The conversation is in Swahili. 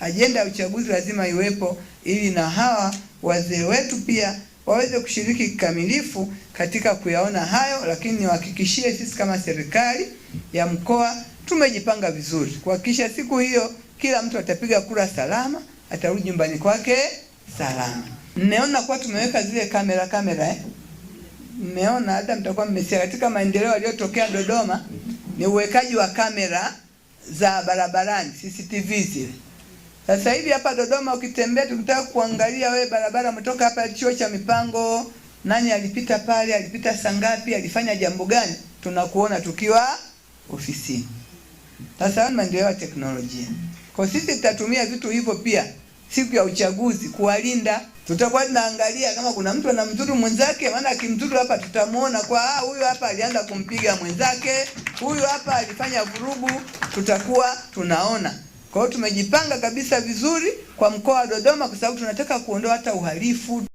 ajenda ya uchaguzi lazima iwepo, ili na hawa wazee wetu pia waweze kushiriki kikamilifu katika kuyaona hayo. Lakini niwahakikishie sisi kama serikali ya mkoa tumejipanga vizuri kuhakikisha siku hiyo kila mtu atapiga kura salama, atarudi nyumbani kwake salama. Mmeona kuwa tumeweka zile kamera kamera eh? Mmeona hata mtakuwa mmesikia katika maendeleo yaliyotokea Dodoma ni uwekaji wa kamera za barabarani CCTV zile. Sasa hivi hapa Dodoma ukitembea, tukitaka kuangalia wewe barabara, umetoka hapa chuo cha mipango, nani alipita pale, alipita saa ngapi, alifanya jambo gani, tunakuona tukiwa ofisini. Sasa ni maendeleo ya teknolojia. Kwa sisi tutatumia vitu hivyo pia siku ya uchaguzi kuwalinda. Tutakuwa tunaangalia kama kuna mtu anamdhuru mwenzake, maana akimdhuru hapa tutamuona kwa ah, huyu hapa alianza kumpiga mwenzake, huyu hapa alifanya vurugu, tutakuwa tunaona. Kwa hiyo tumejipanga kabisa vizuri kwa mkoa wa Dodoma, kwa sababu tunataka kuondoa hata uhalifu.